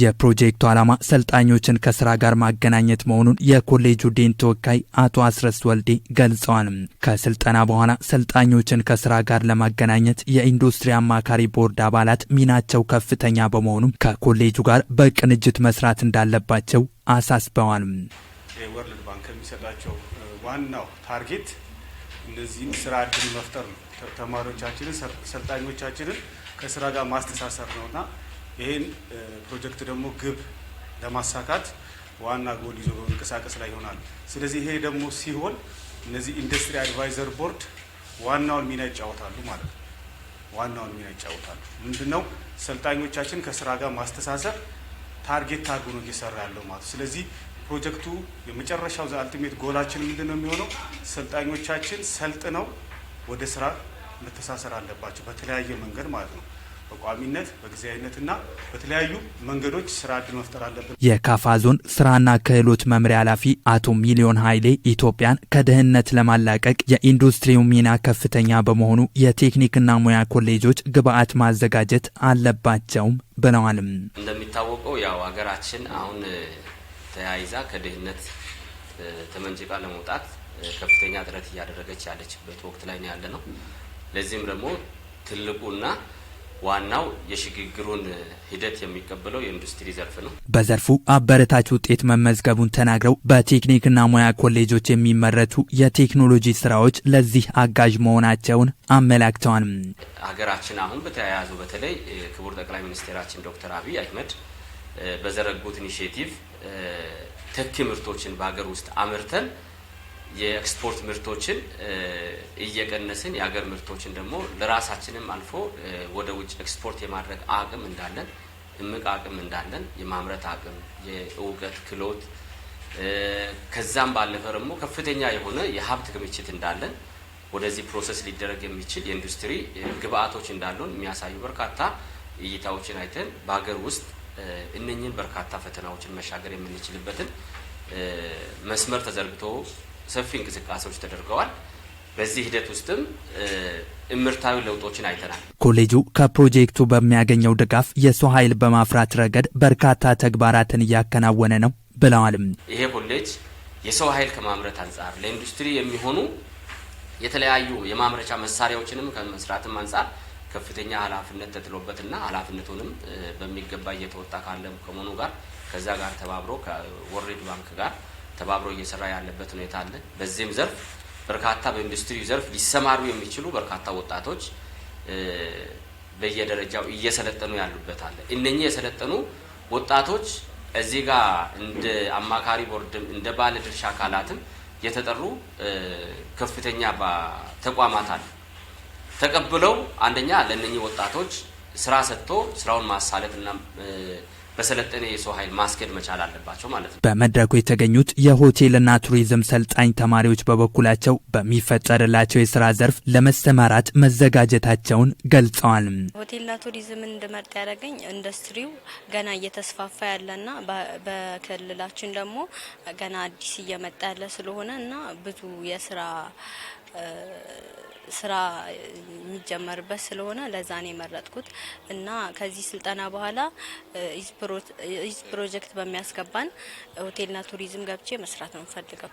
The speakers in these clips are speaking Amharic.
የፕሮጀክቱ ዓላማ ሰልጣኞችን ከስራ ጋር ማገናኘት መሆኑን የኮሌጁ ዴን ተወካይ አቶ አስረስ ወልዴ ገልጸዋል። ከስልጠና በኋላ ሰልጣኞችን ከስራ ጋር ለማገናኘት የኢንዱስትሪ አማካሪ ቦርድ አባላት ሚናቸው ከፍተኛ በመሆኑም ከኮሌጁ ጋር በቅንጅት መስራት እንዳለባቸው አሳስበዋል። ወርልድ ባንክ የሚሰጣቸው ዋናው ታርጌት እነዚህን ስራ እድል መፍጠር ነው። ተማሪዎቻችንን ሰልጣኞቻችንን ከስራ ጋር ማስተሳሰር ነውና ይህን ፕሮጀክት ደግሞ ግብ ለማሳካት ዋና ጎል ይዞ በመንቀሳቀስ ላይ ይሆናል። ስለዚህ ይሄ ደግሞ ሲሆን እነዚህ ኢንዱስትሪ አድቫይዘር ቦርድ ዋናውን ሚና ይጫወታሉ ማለት ነው። ዋናውን ሚና ይጫወታሉ። ምንድን ነው ሰልጣኞቻችን ከስራ ጋር ማስተሳሰር ታርጌት ታርጎ ነው እየሰራ ያለው ማለት። ስለዚህ ፕሮጀክቱ የመጨረሻው ዘአልቲሜት ጎላችን ምንድን ነው የሚሆነው? ሰልጣኞቻችን ሰልጥነው ወደ ስራ መተሳሰር አለባቸው በተለያየ መንገድ ማለት ነው። በቋሚነት በጊዜያዊነትና በተለያዩ መንገዶች ስራ እድል መፍጠር አለብን። የካፋ ዞን ስራና ክህሎት መምሪያ ኃላፊ አቶ ሚሊዮን ኃይሌ ኢትዮጵያን ከድህነት ለማላቀቅ የኢንዱስትሪው ሚና ከፍተኛ በመሆኑ የቴክኒክና ሙያ ኮሌጆች ግብአት ማዘጋጀት አለባቸውም ብለዋልም። እንደሚታወቀው ያው ሀገራችን አሁን ተያይዛ ከድህነት ተመንጭቃ ለመውጣት ከፍተኛ ጥረት እያደረገች ያለችበት ወቅት ላይ ነው ያለ ነው። ለዚህም ደግሞ ትልቁና ዋናው የሽግግሩን ሂደት የሚቀበለው የኢንዱስትሪ ዘርፍ ነው። በዘርፉ አበረታች ውጤት መመዝገቡን ተናግረው በቴክኒክና ሙያ ኮሌጆች የሚመረቱ የቴክኖሎጂ ስራዎች ለዚህ አጋዥ መሆናቸውን አመላክተዋል። ሀገራችን አሁን በተያያዙ በተለይ ክቡር ጠቅላይ ሚኒስቴራችን ዶክተር አብይ አህመድ በዘረጉት ኢኒሽቲቭ ተኪ ምርቶችን በሀገር ውስጥ አምርተን የኤክስፖርት ምርቶችን እየቀነስን የሀገር ምርቶችን ደግሞ ለራሳችንም አልፎ ወደ ውጭ ኤክስፖርት የማድረግ አቅም እንዳለን እምቅ አቅም እንዳለን የማምረት አቅም፣ የእውቀት ክህሎት ከዛም ባለፈ ደግሞ ከፍተኛ የሆነ የሀብት ክምችት እንዳለን ወደዚህ ፕሮሰስ ሊደረግ የሚችል የኢንዱስትሪ ግብአቶች እንዳለን የሚያሳዩ በርካታ እይታዎችን አይተን በሀገር ውስጥ እነኝህን በርካታ ፈተናዎችን መሻገር የምንችልበትን መስመር ተዘርግቶ ሰፊ እንቅስቃሴዎች ተደርገዋል። በዚህ ሂደት ውስጥም እምርታዊ ለውጦችን አይተናል። ኮሌጁ ከፕሮጀክቱ በሚያገኘው ድጋፍ የሰው ኃይል በማፍራት ረገድ በርካታ ተግባራትን እያከናወነ ነው ብለዋልም። ይሄ ኮሌጅ የሰው ኃይል ከማምረት አንጻር ለኢንዱስትሪ የሚሆኑ የተለያዩ የማምረቻ መሳሪያዎችንም ከመስራትም አንጻር ከፍተኛ ኃላፊነት ተጥሎበትና ኃላፊነቱንም በሚገባ እየተወጣ ካለ ከመሆኑ ጋር ከዛ ጋር ተባብሮ ከወርልድ ባንክ ጋር ተባብሮ እየሰራ ያለበት ሁኔታ አለ። በዚህም ዘርፍ በርካታ በኢንዱስትሪው ዘርፍ ሊሰማሩ የሚችሉ በርካታ ወጣቶች በየደረጃው እየሰለጠኑ ያሉበት አለ። እነኚህ የሰለጠኑ ወጣቶች እዚህ ጋር እንደ አማካሪ ቦርድም እንደ ባለ ድርሻ አካላትም የተጠሩ ከፍተኛ ተቋማት አለ። ተቀብለው አንደኛ ለእነኚህ ወጣቶች ስራ ሰጥቶ ስራውን ማሳለጥና በሰለጠነ የሰው ኃይል ማስኬድ መቻል አለባቸው ማለት ነው። በመድረኩ የተገኙት የሆቴልና ቱሪዝም ሰልጣኝ ተማሪዎች በበኩላቸው በሚፈጠርላቸው የስራ ዘርፍ ለመሰማራት መዘጋጀታቸውን ገልጸዋል። ሆቴልና ቱሪዝም እንድመርጥ ያደረገኝ ኢንዱስትሪው ገና እየተስፋፋ ያለና በክልላችን ደግሞ ገና አዲስ እየመጣ ያለ ስለሆነ እና ብዙ የስራ ስራ የሚጀመርበት ስለሆነ ለዛ ነው የመረጥኩት እና ከዚህ ስልጠና በኋላ ኢዝ ፕሮጀክት በሚያስገባን ሆቴልና ቱሪዝም ገብቼ መስራት ነው ፈልገው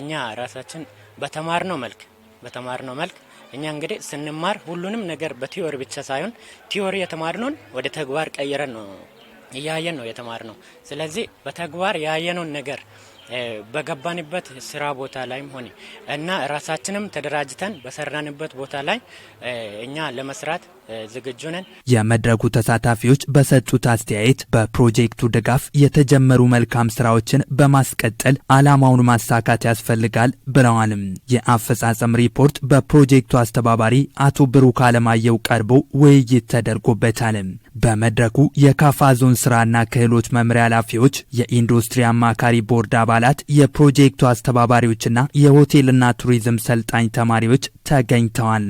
እኛ ራሳችን በተማርነው መልክ በተማርነው መልክ እኛ እንግዲህ ስንማር ሁሉንም ነገር በቲዮሪ ብቻ ሳይሆን ቲዮሪ የተማርነውን ወደ ተግባር ቀይረን ነው እያየን ነው የተማርነው። ስለዚህ በተግባር ያየነውን ነገር በገባንበት ስራ ቦታ ላይም ሆነ እና ራሳችንም ተደራጅተን በሰራንበት ቦታ ላይ እኛ ለመስራት ዝግጁ ነን። የመድረኩ ተሳታፊዎች በሰጡት አስተያየት በፕሮጀክቱ ድጋፍ የተጀመሩ መልካም ስራዎችን በማስቀጠል ዓላማውን ማሳካት ያስፈልጋል ብለዋልም። የአፈጻጸም ሪፖርት በፕሮጀክቱ አስተባባሪ አቶ ብሩክ አለማየሁ ቀርቦ ውይይት ተደርጎበታል። በመድረኩ የካፋ ዞን ስራና ክህሎት መምሪያ ኃላፊዎች፣ የኢንዱስትሪ አማካሪ ቦርድ አባላት፣ የፕሮጀክቱ አስተባባሪዎችና የሆቴልና ቱሪዝም ሰልጣኝ ተማሪዎች ተገኝተዋል።